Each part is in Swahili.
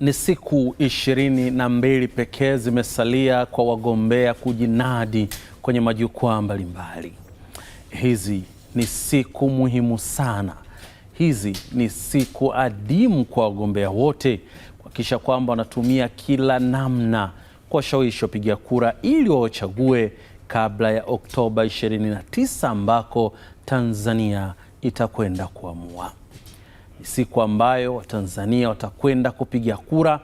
Ni siku ishirini na mbili pekee zimesalia kwa wagombea kujinadi kwenye majukwaa mbalimbali. Hizi ni siku muhimu sana, hizi ni siku adimu kwa wagombea wote kuhakikisha kwamba wanatumia kila namna kuwashawishi wapiga kura ili wawachague kabla ya Oktoba 29 ambako Tanzania itakwenda kuamua siku ambayo Watanzania watakwenda kupiga kura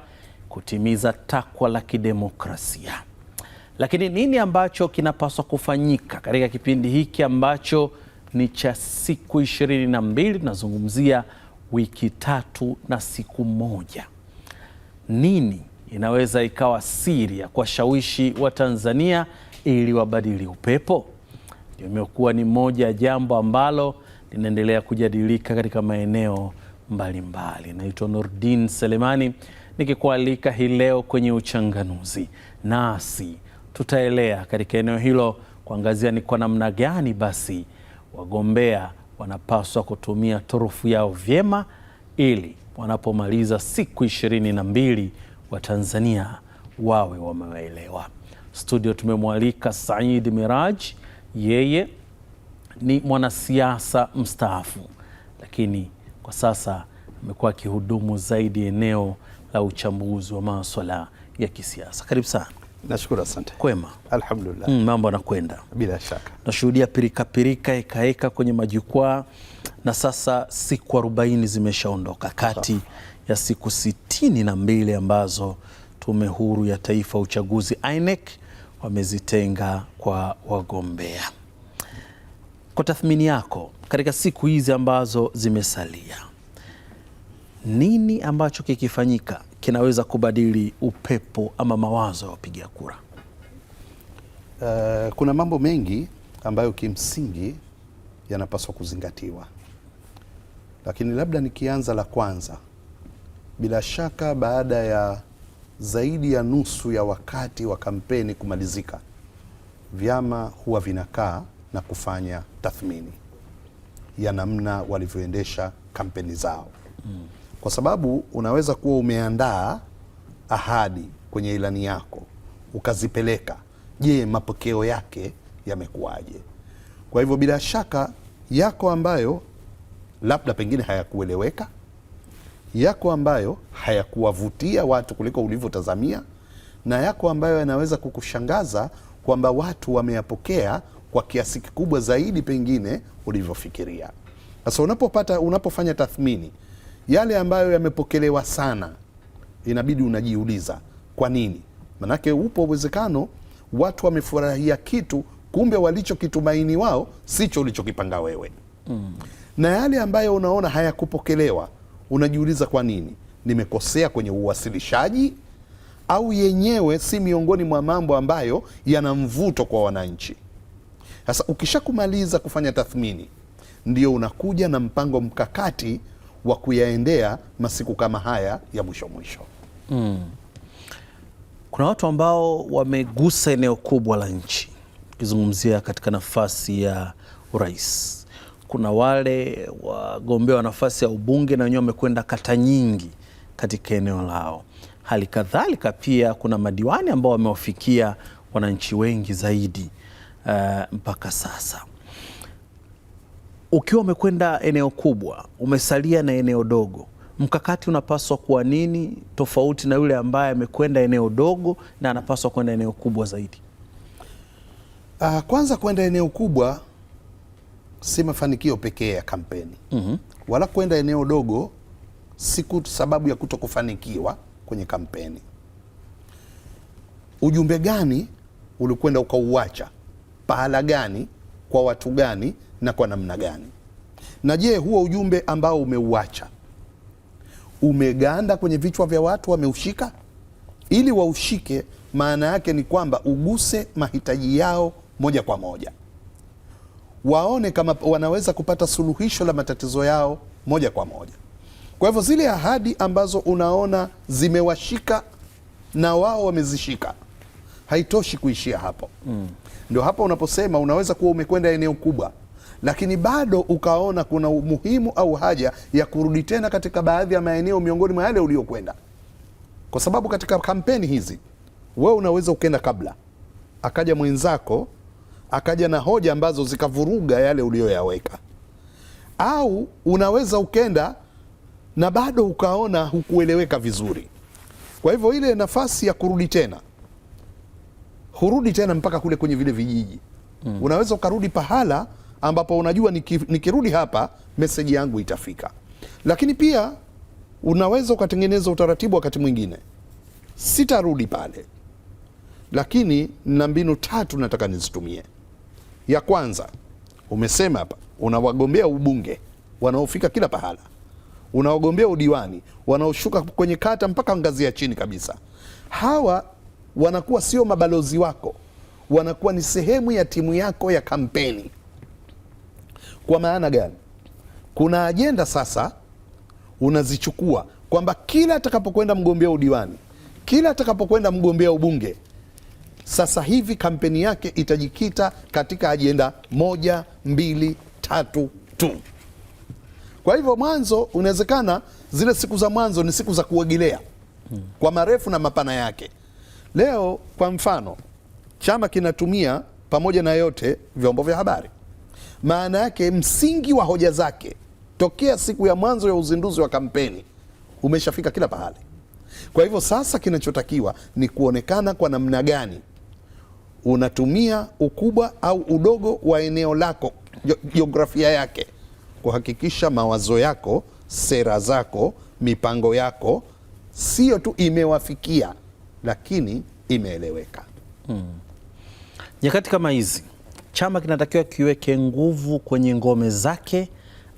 kutimiza takwa la kidemokrasia. Lakini nini ambacho kinapaswa kufanyika katika kipindi hiki ambacho ni cha siku ishirini na mbili? Tunazungumzia wiki tatu na siku moja. Nini inaweza ikawa siri ya kuwashawishi Watanzania ili wabadili upepo? imekuwa ni moja ya jambo ambalo linaendelea kujadilika katika maeneo mbalimbali. Naitwa Nurdin Selemani nikikualika hii leo kwenye Uchanganuzi, nasi tutaelea katika eneo hilo kuangazia ni kwa namna gani basi wagombea wanapaswa kutumia turufu yao vyema ili wanapomaliza siku ishirini na mbili Watanzania wawe wamewaelewa. Studio tumemwalika Said Miraj, yeye ni mwanasiasa mstaafu, lakini kwa sasa amekuwa akihudumu zaidi eneo la uchambuzi wa maswala ya kisiasa. Karibu sana. Nashukuru, asante. Kwema? Alhamdulillah. Mm, mambo yanakwenda bila shaka. Nashuhudia pirikapirika ikaeka kwenye majukwaa na sasa siku arobaini zimeshaondoka kati ya siku sitini na mbili ambazo Tume Huru ya Taifa ya Uchaguzi INEC wamezitenga kwa wagombea. Kwa tathmini yako katika siku hizi ambazo zimesalia, nini ambacho kikifanyika kinaweza kubadili upepo ama mawazo ya wapiga kura? Uh, kuna mambo mengi ambayo kimsingi yanapaswa kuzingatiwa, lakini labda nikianza la kwanza, bila shaka baada ya zaidi ya nusu ya wakati wa kampeni kumalizika, vyama huwa vinakaa na kufanya tathmini ya namna walivyoendesha kampeni zao Kwa sababu unaweza kuwa umeandaa ahadi kwenye ilani yako ukazipeleka, je, mapokeo yake yamekuwaje? Kwa hivyo bila shaka yako ambayo labda pengine hayakueleweka, yako ambayo hayakuwavutia watu kuliko ulivyotazamia, na yako ambayo yanaweza kukushangaza kwamba watu wameyapokea kwa kiasi kikubwa zaidi pengine ulivyofikiria. Sasa unapopata unapofanya tathmini yale ambayo yamepokelewa sana, inabidi unajiuliza kwa nini? Manake upo uwezekano watu wamefurahia kitu, kumbe walichokitumaini wao sicho ulichokipanga wewe mm. na yale ambayo unaona hayakupokelewa unajiuliza kwa nini? Nimekosea kwenye uwasilishaji au yenyewe si miongoni mwa mambo ambayo yana mvuto kwa wananchi. Sasa ukishakumaliza kufanya tathmini, ndio unakuja na mpango mkakati wa kuyaendea masiku kama haya ya mwisho mwisho. Mm. Kuna watu ambao wamegusa eneo kubwa la nchi, ukizungumzia katika nafasi ya urais kuna wale wagombea wa nafasi ya ubunge na wenyewe wamekwenda kata nyingi katika eneo lao. Hali kadhalika pia kuna madiwani ambao wamewafikia wananchi wengi zaidi uh, mpaka sasa. Ukiwa umekwenda eneo kubwa, umesalia na eneo dogo, mkakati unapaswa kuwa nini, tofauti na yule ambaye amekwenda eneo dogo na anapaswa kwenda eneo kubwa zaidi? Uh, kwanza kwenda eneo kubwa si mafanikio pekee ya kampeni mm -hmm. wala kwenda eneo dogo si sababu ya kuto kufanikiwa kwenye kampeni. Ujumbe gani ulikwenda ukauacha pahala gani, kwa watu gani na kwa namna gani. Na je, huo ujumbe ambao umeuacha umeganda kwenye vichwa vya watu, wameushika? Ili waushike, maana yake ni kwamba uguse mahitaji yao moja kwa moja, waone kama wanaweza kupata suluhisho la matatizo yao moja kwa moja. Kwa hivyo zile ahadi ambazo unaona zimewashika na wao wamezishika, haitoshi kuishia hapo mm. Ndio hapa unaposema unaweza kuwa umekwenda eneo kubwa, lakini bado ukaona kuna umuhimu au haja ya kurudi tena katika baadhi ya maeneo miongoni mwa yale uliyokwenda, kwa sababu katika kampeni hizi wewe unaweza ukenda kabla, akaja mwenzako akaja na hoja ambazo zikavuruga yale uliyoyaweka, au unaweza ukenda na bado ukaona hukueleweka vizuri. Kwa hivyo ile nafasi ya kurudi tena hurudi tena mpaka kule kwenye vile vijiji mm. Unaweza ukarudi pahala ambapo unajua niki, nikirudi hapa meseji yangu itafika, lakini pia unaweza ukatengeneza utaratibu wakati mwingine sitarudi pale, lakini na mbinu tatu nataka nizitumie. Ya kwanza umesema hapa, unawagombea ubunge wanaofika kila pahala, unawagombea udiwani wanaoshuka kwenye kata mpaka ngazi ya chini kabisa. Hawa wanakuwa sio mabalozi wako, wanakuwa ni sehemu ya timu yako ya kampeni. Kwa maana gani? Kuna ajenda sasa unazichukua kwamba kila atakapokwenda mgombea udiwani, kila atakapokwenda mgombea ubunge, sasa hivi kampeni yake itajikita katika ajenda moja, mbili, tatu tu. Kwa hivyo, mwanzo unawezekana zile siku za mwanzo ni siku za kuogelea kwa marefu na mapana yake. Leo kwa mfano, chama kinatumia pamoja na yote vyombo vya habari. Maana yake msingi wa hoja zake tokea siku ya mwanzo ya uzinduzi wa kampeni umeshafika kila pahali. Kwa hivyo sasa, kinachotakiwa ni kuonekana kwa namna gani unatumia ukubwa au udogo wa eneo lako, jiografia yake, kuhakikisha mawazo yako, sera zako, mipango yako sio tu imewafikia lakini imeeleweka. Hmm. Nyakati kama hizi chama kinatakiwa kiweke nguvu kwenye ngome zake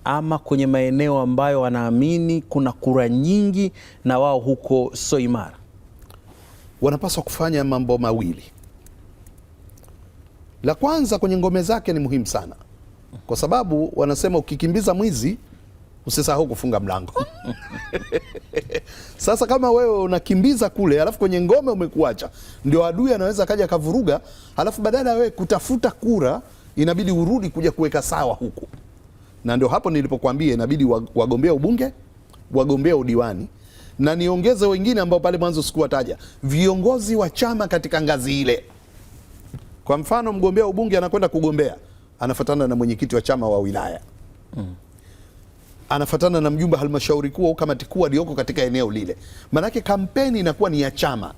ama kwenye maeneo ambayo wanaamini kuna kura nyingi na wao huko sio imara. Wanapaswa kufanya mambo mawili. La kwanza kwenye ngome zake ni muhimu sana, kwa sababu wanasema ukikimbiza mwizi usisahau kufunga mlango. Sasa kama wewe unakimbiza kule, alafu kwenye ngome umekuacha, ndio adui anaweza akaja akavuruga, alafu badala ya wewe kutafuta kura inabidi urudi kuja kuweka sawa huku, na ndio hapo nilipokuambia inabidi wagombea ubunge, wagombea udiwani na niongeze wengine ambao pale mwanzo sikuwataja, viongozi wa chama katika ngazi ile. Kwa mfano, mgombea ubunge anakwenda kugombea, anafuatana na mwenyekiti wa chama wa wilaya mm anafatana na mjumbe halmashauri kuu au kamati kuu aliyoko katika eneo lile. Maanake kampeni inakuwa ni ya chama,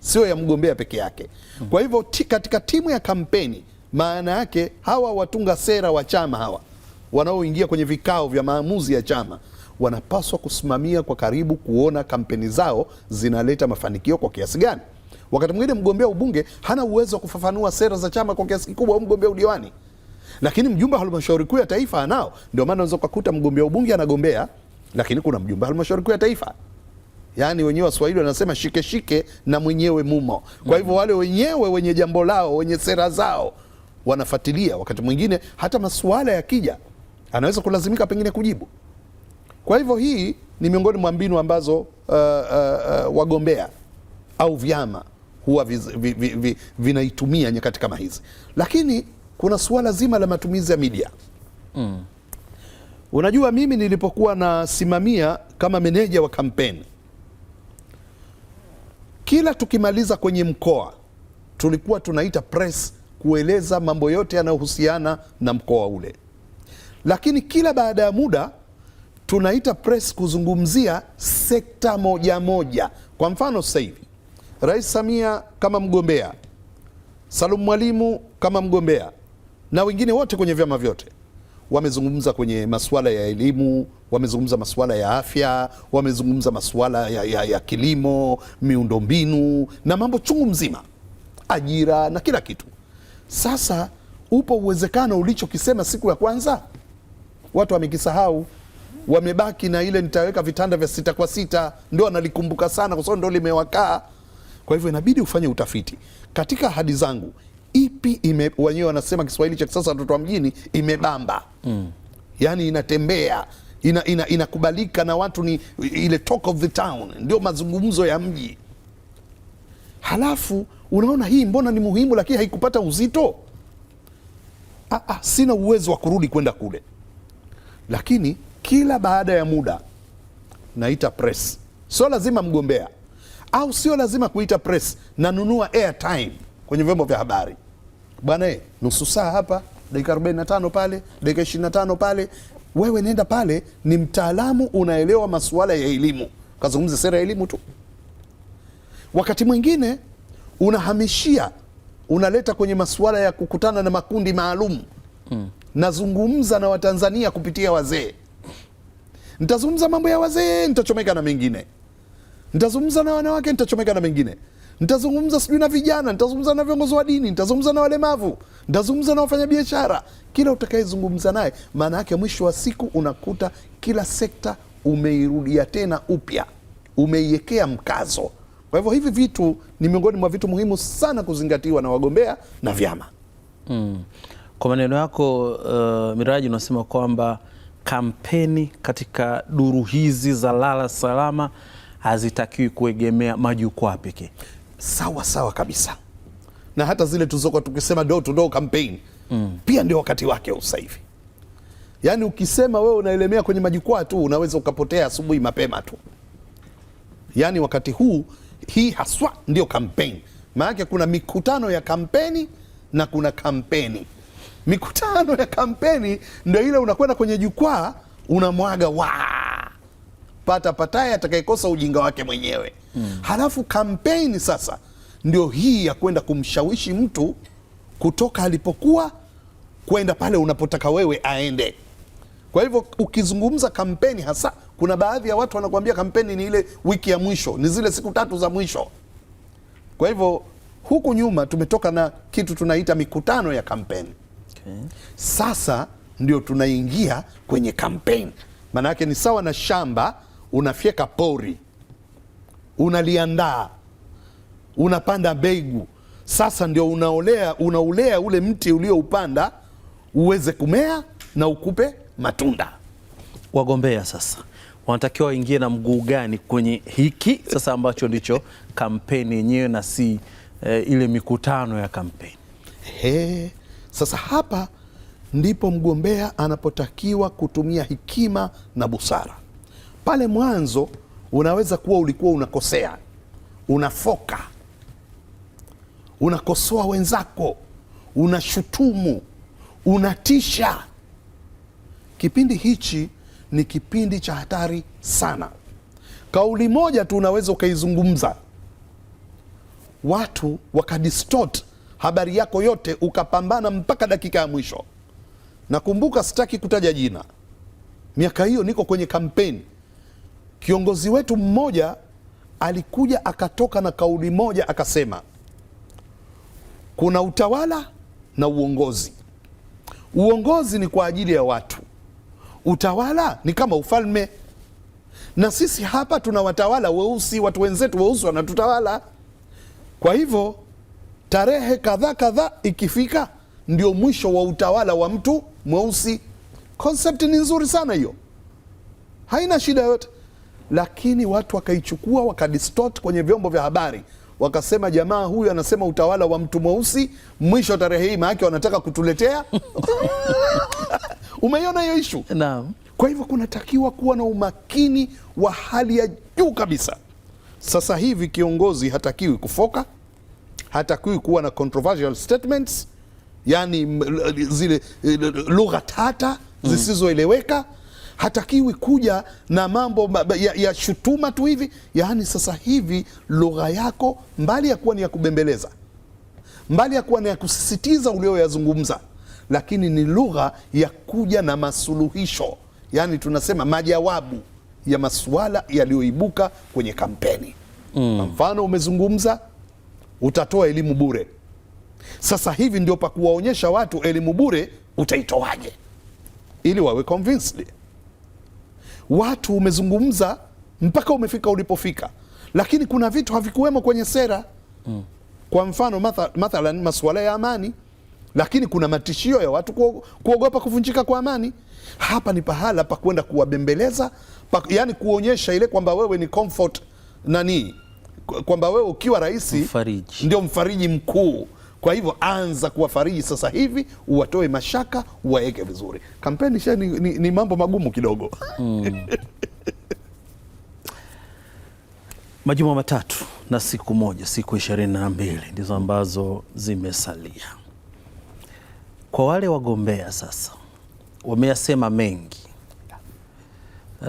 sio ya mgombea peke yake. Kwa hivyo katika timu ya kampeni, maana yake hawa watunga sera wa chama hawa wanaoingia kwenye vikao vya maamuzi ya chama wanapaswa kusimamia kwa karibu kuona kampeni zao zinaleta mafanikio kwa kiasi gani. Wakati mwingine mgombea ubunge hana uwezo wa kufafanua sera za chama kwa kiasi kikubwa, au mgombea udiwani lakini mjumbe wa halmashauri kuu ya taifa anao. Ndio maana unaweza kukuta mgombea ubunge anagombea, lakini kuna mjumbe wa halmashauri kuu ya taifa. Yaani wenyewe Waswahili wanasema shike shike na mwenyewe mumo. Kwa hivyo wale wenyewe wenye jambo lao, wenye sera zao wanafuatilia. Wakati mwingine hata masuala yakija, anaweza kulazimika pengine kujibu. Kwa hivyo hii ni miongoni mwa mbinu ambazo uh, uh, uh, wagombea au vyama huwa vinaitumia vi, vi, vi nyakati kama hizi, lakini kuna suala zima la matumizi ya media mm. Unajua, mimi nilipokuwa nasimamia kama meneja wa kampeni, kila tukimaliza kwenye mkoa tulikuwa tunaita press kueleza mambo yote yanayohusiana na mkoa ule, lakini kila baada ya muda tunaita press kuzungumzia sekta moja moja. Kwa mfano sasa hivi Rais Samia kama mgombea, Salum Mwalimu kama mgombea na wengine wote kwenye vyama vyote wamezungumza kwenye masuala ya elimu, wamezungumza masuala ya afya, wamezungumza masuala ya, ya, ya kilimo, miundombinu na mambo chungu mzima, ajira na kila kitu. Sasa upo uwezekano ulichokisema siku ya kwanza watu wamekisahau, wamebaki na ile nitaweka vitanda vya sita kwa sita, ndo analikumbuka sana, kwa sababu ndo limewakaa. Kwa hivyo inabidi ufanye utafiti. Katika ahadi zangu ipi ime, wenyewe wanasema Kiswahili cha kisasa, watoto wa mjini, imebamba mm. Yani inatembea ina, ina, inakubalika na watu, ni ile talk of the town, ndio mazungumzo ya mji. Halafu unaona hii mbona ni muhimu, lakini haikupata uzito. Ah, ah, sina uwezo wa kurudi kwenda kule, lakini kila baada ya muda naita press, sio lazima mgombea au sio lazima kuita press, nanunua airtime kwenye vyombo vya habari bwana eh, nusu saa hapa, dakika 45 pale, dakika 25 pale. Wewe nenda pale, ni mtaalamu, unaelewa masuala ya elimu, kazungumza sera ya elimu tu. Wakati mwingine unahamishia, unaleta kwenye masuala ya kukutana na makundi maalum hmm. Nazungumza na Watanzania kupitia wazee, nitazungumza mambo ya wazee, nitachomeka na mengine, nitazungumza na wanawake, nitachomeka na mengine nitazungumza sijui na vijana, nitazungumza na viongozi wa dini, nitazungumza na walemavu, nitazungumza na wafanyabiashara. Kila utakayezungumza naye, maana yake mwisho wa siku unakuta kila sekta umeirudia tena upya, umeiwekea mkazo. Kwa hivyo hivi vitu ni miongoni mwa vitu muhimu sana kuzingatiwa na wagombea na vyama mm. Kwa maneno yako uh, Miraji, unasema kwamba kampeni katika duru hizi za lala salama hazitakiwi kuegemea majukwaa pekee sawa sawa kabisa, na hata zile tulizokuwa tukisema door to door campaign mm. pia ndio wakati wake sasa hivi. Yaani ukisema wewe unaelemea kwenye majukwaa tu unaweza ukapotea asubuhi mapema tu. Yaani wakati huu hii haswa ndio kampeni, maanake kuna mikutano ya kampeni na kuna kampeni. Mikutano ya kampeni ndio ile unakwenda kwenye jukwaa unamwaga wa pata pataye atakayekosa ujinga wake mwenyewe mm. Halafu kampeni sasa ndio hii ya kwenda kumshawishi mtu kutoka alipokuwa kwenda pale unapotaka wewe aende. Kwa hivyo ukizungumza kampeni, hasa kuna baadhi ya watu wanakuambia kampeni ni ile wiki ya mwisho, ni zile siku tatu za mwisho. Kwa hivyo huku nyuma tumetoka na kitu tunaita mikutano ya kampeni okay. Sasa ndio tunaingia kwenye kampeni, maana yake ni sawa na shamba unafyeka pori unaliandaa, unapanda mbegu. Sasa ndio unaolea, unaulea ule mti ulioupanda uweze kumea na ukupe matunda. Wagombea sasa wanatakiwa waingie na mguu gani kwenye hiki sasa ambacho ndicho kampeni yenyewe na si e, ile mikutano ya kampeni? He, sasa hapa ndipo mgombea anapotakiwa kutumia hekima na busara. Pale mwanzo unaweza kuwa ulikuwa unakosea, unafoka, unakosoa wenzako, unashutumu, unatisha. Kipindi hichi ni kipindi cha hatari sana. Kauli moja tu unaweza ukaizungumza, watu wakadistort habari yako yote, ukapambana mpaka dakika ya mwisho. Nakumbuka, sitaki kutaja jina, miaka hiyo niko kwenye kampeni Kiongozi wetu mmoja alikuja akatoka na kauli moja akasema, kuna utawala na uongozi. Uongozi ni kwa ajili ya watu, utawala ni kama ufalme. Na sisi hapa tuna watawala weusi, watu wenzetu weusi wanatutawala. Kwa hivyo tarehe kadhaa kadhaa ikifika, ndio mwisho wa utawala wa mtu mweusi. Konsepti ni nzuri sana hiyo, haina shida yoyote lakini watu wakaichukua wakadistort kwenye vyombo vya habari wakasema jamaa huyu anasema utawala wa mtu mweusi mwisho tarehe hii, maake wanataka kutuletea umeiona hiyo ishu? Naam. Kwa hivyo kunatakiwa kuwa na umakini wa hali ya juu kabisa. Sasa hivi kiongozi hatakiwi kufoka, hatakiwi kuwa na controversial statements, yani zile lugha tata mm. zisizoeleweka hatakiwi kuja na mambo ya, ya shutuma tu hivi. Yaani sasa hivi lugha yako mbali ya kuwa ni ya kubembeleza, mbali ya kuwa ni ya kusisitiza ulioyazungumza, lakini ni lugha ya kuja na masuluhisho, yaani tunasema majawabu ya masuala yaliyoibuka kwenye kampeni. Mm. Mfano umezungumza, utatoa elimu bure. Sasa hivi ndio pa kuwaonyesha watu elimu bure utaitoaje, ili wawe convinced watu umezungumza mpaka umefika ulipofika, lakini kuna vitu havikuwemo kwenye sera mm. Kwa mfano mathalan matha, masuala ya amani, lakini kuna matishio ya watu kuogopa kuvunjika kwa amani. Hapa ni pahala pa kwenda kuwabembeleza, yani kuonyesha ile kwamba wewe ni comfort nani, kwamba wewe ukiwa rais ndio mfariji mkuu kwa hivyo anza kuwafariji sasa hivi, uwatoe mashaka, uwaeke vizuri. Kampeni sha ni, ni, ni mambo magumu kidogo hmm. majuma matatu na siku moja, siku ishirini na mbili ndizo ambazo zimesalia kwa wale wagombea. Sasa wameyasema mengi uh,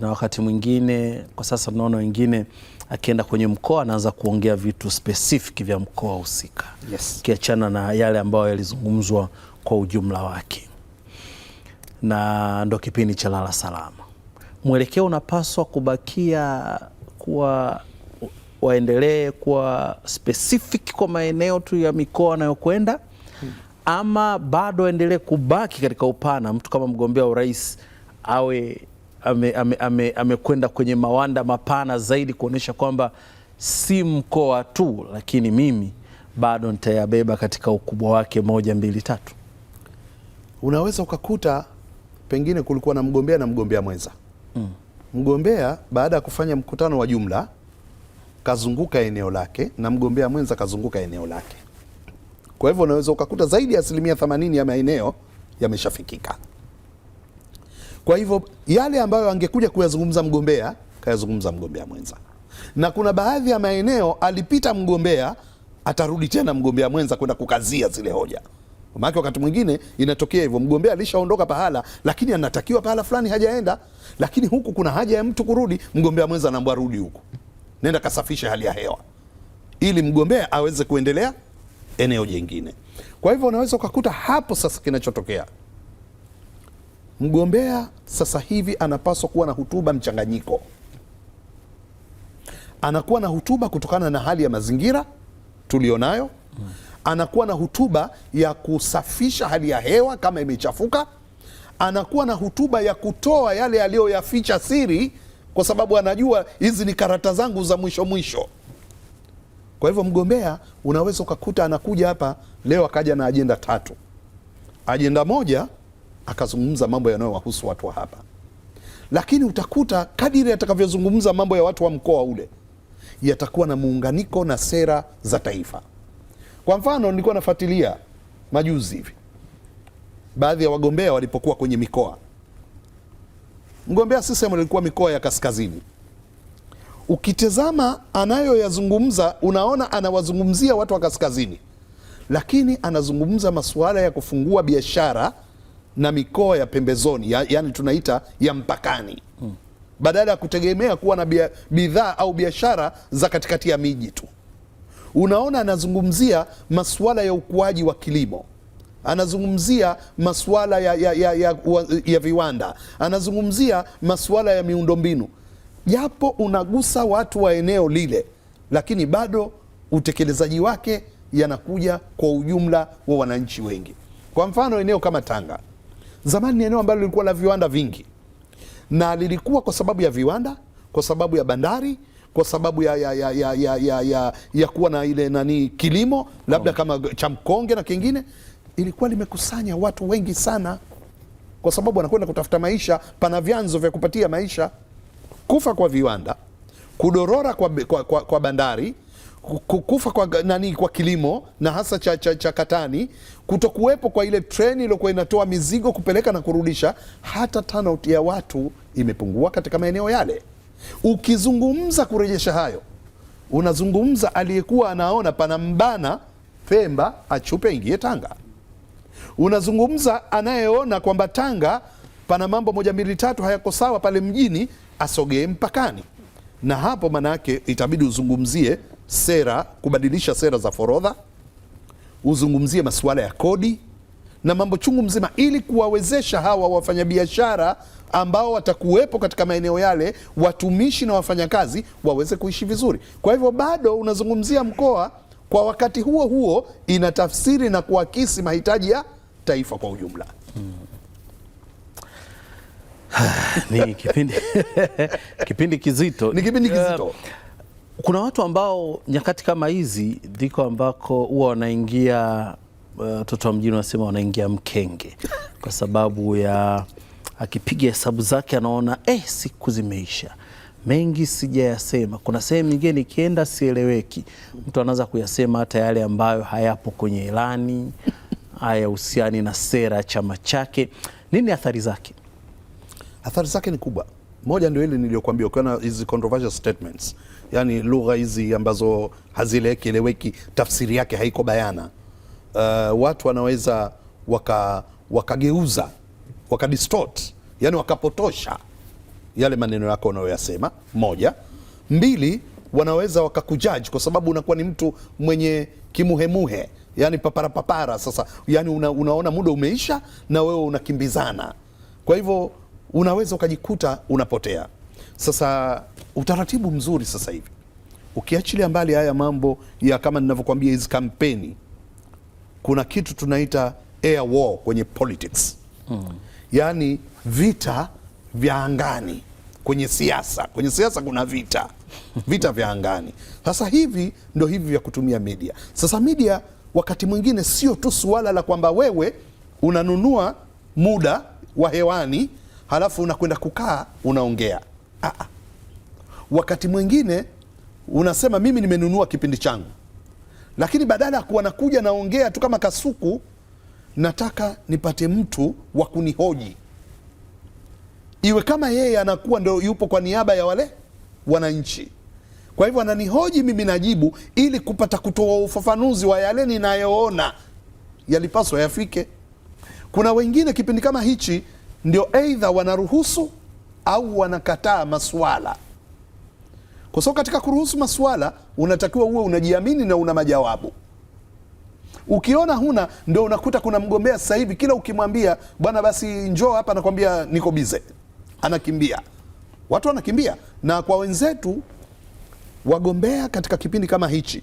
na wakati mwingine kwa sasa tunaona wengine akienda kwenye mkoa anaanza kuongea vitu specific vya mkoa husika, yes. Kiachana na yale ambayo yalizungumzwa kwa ujumla wake, na ndo kipindi cha lala salama. Mwelekeo unapaswa kubakia kuwa waendelee kuwa specific kwa maeneo tu ya mikoa wanayokwenda hmm. Ama bado waendelee kubaki katika upana, mtu kama mgombea urais awe amekwenda ame, ame, ame kwenye mawanda mapana zaidi kuonyesha kwamba si mkoa tu, lakini mimi bado nitayabeba katika ukubwa wake moja, mbili, tatu. Unaweza ukakuta pengine kulikuwa na mgombea na mgombea mwenza mm. Mgombea baada ya kufanya mkutano wa jumla kazunguka eneo lake na mgombea mwenza kazunguka eneo lake. Kwa hivyo unaweza ukakuta zaidi ya asilimia 80 ya maeneo yameshafikika. Kwa hivyo yale ambayo angekuja kuyazungumza mgombea kayazungumza mgombea mwenza, na kuna baadhi ya maeneo alipita mgombea atarudi tena mgombea mwenza kwenda kukazia zile hoja. Maanake wakati mwingine inatokea hivyo, mgombea alishaondoka pahala, lakini anatakiwa pahala fulani hajaenda, lakini huku kuna haja ya mtu kurudi, mgombea mwenza anaambwa rudi huku, nenda kasafishe hali ya hewa ili mgombea aweze kuendelea eneo jingine. Kwa hivyo unaweza ukakuta hapo sasa kinachotokea Mgombea sasa hivi anapaswa kuwa na hutuba mchanganyiko, anakuwa na hutuba kutokana na hali ya mazingira tulionayo, anakuwa na hutuba ya kusafisha hali ya hewa kama imechafuka, anakuwa na hutuba ya kutoa yale aliyoyaficha siri, kwa sababu anajua hizi ni karata zangu za mwisho mwisho. Kwa hivyo mgombea unaweza ukakuta anakuja hapa leo akaja na ajenda tatu. Ajenda moja akazungumza mambo yanayowahusu watu wa hapa, lakini utakuta kadiri atakavyozungumza mambo ya watu wa mkoa ule yatakuwa na muunganiko na sera za taifa. Kwa mfano, nilikuwa nafuatilia majuzi hivi baadhi ya wagombea walipokuwa kwenye mikoa. Mgombea sisemu alikuwa mikoa ya kaskazini, ukitizama anayoyazungumza unaona anawazungumzia watu wa kaskazini, lakini anazungumza masuala ya kufungua biashara na mikoa ya pembezoni ya, yani tunaita ya mpakani hmm. Badala ya kutegemea kuwa na bidhaa au biashara za katikati ya miji tu. Unaona, anazungumzia masuala ya ukuaji wa kilimo, anazungumzia masuala ya, ya, ya, ya, ya viwanda, anazungumzia masuala ya miundombinu. Japo unagusa watu wa eneo lile, lakini bado utekelezaji wake yanakuja kwa ujumla wa wananchi wengi. Kwa mfano eneo kama Tanga Zamani ni eneo ambalo lilikuwa la viwanda vingi, na lilikuwa kwa sababu ya viwanda, kwa sababu ya bandari, kwa sababu ya, ya, ya, ya, ya, ya, ya, ya kuwa na ile nani kilimo labda oh. kama cha mkonge na kingine, ilikuwa limekusanya watu wengi sana, kwa sababu wanakwenda kutafuta maisha, pana vyanzo vya kupatia maisha. Kufa kwa viwanda, kudorora kwa, kwa, kwa, kwa bandari kufa kwa, nani, kwa kilimo na hasa cha, cha, cha katani, kutokuwepo kwa ile treni iliyokuwa inatoa mizigo kupeleka na kurudisha, hata turnout ya watu imepungua katika maeneo yale. Ukizungumza kurejesha hayo, unazungumza aliyekuwa anaona pana mbana Pemba achupe ingie Tanga, unazungumza anayeona kwamba Tanga pana mambo moja mbili tatu hayako sawa pale mjini asogee mpakani, na hapo maana yake itabidi uzungumzie sera, kubadilisha sera za forodha, uzungumzie masuala ya kodi na mambo chungu mzima, ili kuwawezesha hawa wafanyabiashara ambao watakuwepo katika maeneo yale, watumishi na wafanyakazi waweze kuishi vizuri. Kwa hivyo bado unazungumzia mkoa, kwa wakati huo huo ina tafsiri na kuakisi mahitaji ya taifa kwa ujumla. Hmm. ni kipindi kipindi kizito, ni kipindi kizito. Uh, kuna watu ambao nyakati kama hizi ndiko ambako huwa wanaingia uh, watoto uh, wa mjini wanasema wanaingia mkenge kwa sababu ya akipiga hesabu zake anaona eh, siku zimeisha, mengi sijayasema. Kuna sehemu nyingine nikienda sieleweki, mtu anaanza kuyasema hata yale ambayo hayapo kwenye ilani, hayahusiani na sera ya chama chake. Nini athari zake? Athari zake ni kubwa. Moja ndio ile niliyokuambia, ukiona hizi controversial statements yani lugha hizi ambazo hazieleweki, tafsiri yake haiko bayana. Uh, watu wanaweza waka wakageuza wakadistort, yani wakapotosha yale maneno yako unayoyasema. Moja, mbili, wanaweza wakakujaji kwa sababu unakuwa ni mtu mwenye kimuhemuhe, yani paparapapara. Sasa yani una, unaona muda umeisha na wewe unakimbizana, kwa hivyo unaweza ukajikuta unapotea sasa utaratibu mzuri sasa hivi, ukiachilia mbali haya mambo ya kama ninavyokuambia hizi kampeni, kuna kitu tunaita air war kwenye politics mm. Yaani vita vya angani kwenye siasa. Kwenye siasa kuna vita, vita vya angani. Sasa hivi ndo hivi vya kutumia media. Sasa media wakati mwingine sio tu suala la kwamba wewe unanunua muda wa hewani halafu unakwenda kukaa unaongea. Aa, ah, ah. Wakati mwingine unasema mimi nimenunua kipindi changu, lakini badala ya kuwa nakuja naongea tu kama kasuku, nataka nipate mtu wa kunihoji, iwe kama yeye anakuwa ndo yupo kwa niaba ya wale wananchi. Kwa hivyo ananihoji mimi, najibu ili kupata kutoa ufafanuzi wa yale ninayoona yalipaswa yafike. Kuna wengine kipindi kama hichi ndio aidha wanaruhusu au wanakataa maswala kwa sababu katika kuruhusu maswala unatakiwa uwe unajiamini na una majawabu. Ukiona huna ndo unakuta kuna mgombea sasa hivi kila ukimwambia bwana, basi njoo hapa, anakwambia niko bize, anakimbia. Watu wanakimbia, na kwa wenzetu wagombea katika kipindi kama hichi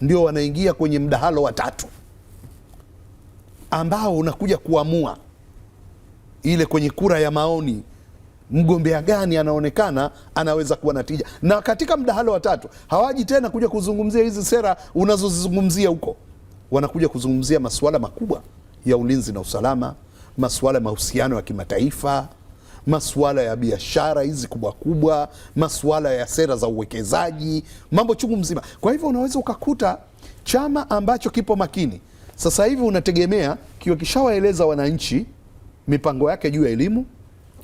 ndio wanaingia kwenye mdahalo wa tatu ambao unakuja kuamua ile kwenye kura ya maoni mgombea gani anaonekana anaweza kuwa na tija. Na katika mdahalo wa tatu hawaji tena kuja kuzungumzia hizi sera unazozizungumzia huko, wanakuja kuzungumzia masuala makubwa ya ulinzi na usalama, masuala ya mahusiano ya kimataifa, masuala ya biashara hizi kubwa kubwa, masuala ya sera za uwekezaji, mambo chungu mzima. Kwa hivyo unaweza ukakuta chama ambacho kipo makini sasa hivi unategemea kiwa kishawaeleza wananchi mipango yake juu ya elimu,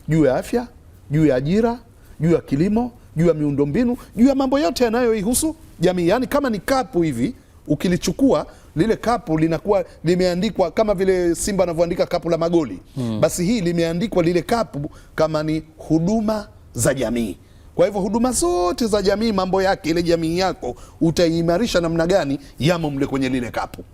juu ya afya, juu ya ajira, juu ya kilimo, juu ya miundombinu, juu ya mambo yote yanayoihusu jamii. Yaani kama ni kapu hivi ukilichukua lile kapu linakuwa limeandikwa kama vile Simba anavyoandika kapu la magoli hmm. Basi hii limeandikwa lile kapu kama ni huduma za jamii. Kwa hivyo huduma zote za jamii, mambo yake, ile jamii yako utaiimarisha namna gani, yamo mle kwenye lile kapu.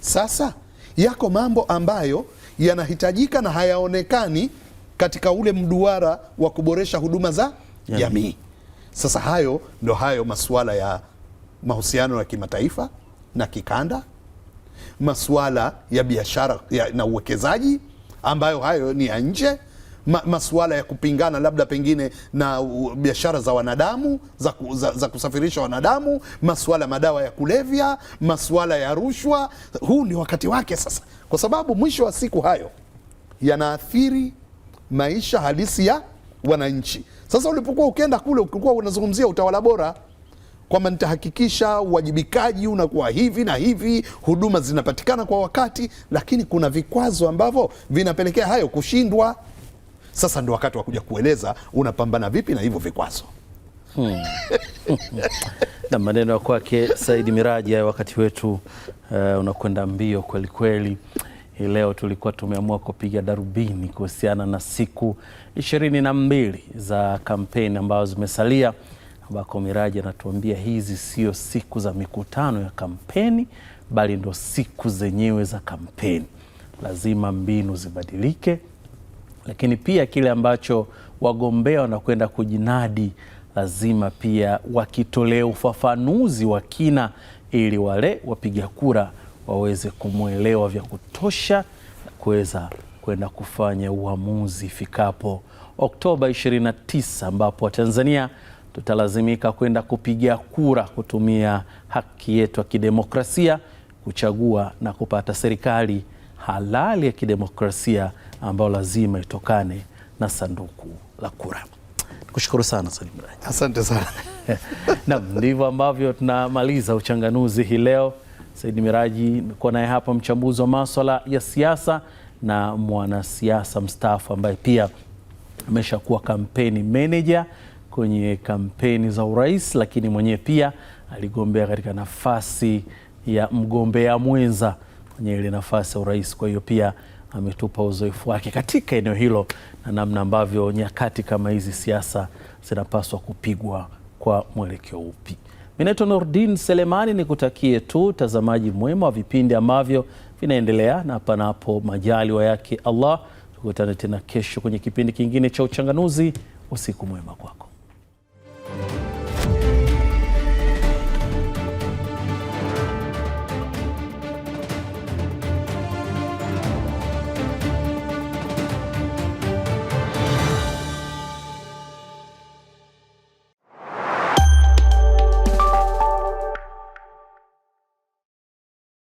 Sasa yako mambo ambayo yanahitajika na hayaonekani katika ule mduara wa kuboresha huduma za jamii yeah. Sasa hayo ndo hayo masuala ya mahusiano ya kimataifa na kikanda, masuala ya biashara na uwekezaji ambayo hayo ni ya nje Ma, masuala ya kupingana labda pengine na biashara za wanadamu za, za, za kusafirisha wanadamu, masuala madawa ya kulevya, masuala ya rushwa. Huu ni wakati wake sasa, kwa sababu mwisho wa siku hayo yanaathiri maisha halisi ya wananchi. Sasa ulipokuwa ukienda kule, ukikuwa unazungumzia utawala bora kwamba nitahakikisha uwajibikaji unakuwa hivi na hivi, huduma zinapatikana kwa wakati, lakini kuna vikwazo ambavyo vinapelekea hayo kushindwa. Sasa ndio wakati wa kuja kueleza unapambana vipi na hivyo vikwazo. Hmm. na maneno ya kwake Saidi Miraji, wakati wetu uh, unakwenda mbio kwelikweli kweli. Hii leo tulikuwa tumeamua kupiga darubini kuhusiana na siku ishirini na mbili za kampeni ambazo zimesalia, ambako Miraji anatuambia hizi sio siku za mikutano ya kampeni, bali ndo siku zenyewe za kampeni. Lazima mbinu zibadilike, lakini pia kile ambacho wagombea wanakwenda kujinadi lazima pia wakitolea ufafanuzi wa kina ili wale wapiga kura waweze kumwelewa vya kutosha kuweza kwenda kufanya uamuzi ifikapo Oktoba 29 ambapo Watanzania tutalazimika kwenda kupiga kura kutumia haki yetu ya kidemokrasia kuchagua na kupata serikali halali ya kidemokrasia ambayo lazima itokane na sanduku la kura. Nikushukuru sana Salim Asante sana. Naam, ndivyo ambavyo tunamaliza uchanganuzi hii leo saidi Miraji kuwa naye hapa, mchambuzi wa maswala ya siasa na mwanasiasa mstaafu ambaye pia ameshakuwa kampeni manager kwenye kampeni za urais, lakini mwenyewe pia aligombea katika nafasi ya mgombea mwenza kwenye ile nafasi ya urais. Kwa hiyo pia ametupa uzoefu wake katika eneo hilo na namna ambavyo nyakati kama hizi siasa zinapaswa kupigwa kwa mwelekeo upi. Minaitwa Nordin Selemani, ni kutakie tu utazamaji mwema wa vipindi ambavyo vinaendelea, na panapo majaliwa yake Allah tukutane tena kesho kwenye kipindi kingine cha Uchanganuzi. Usiku mwema kwako.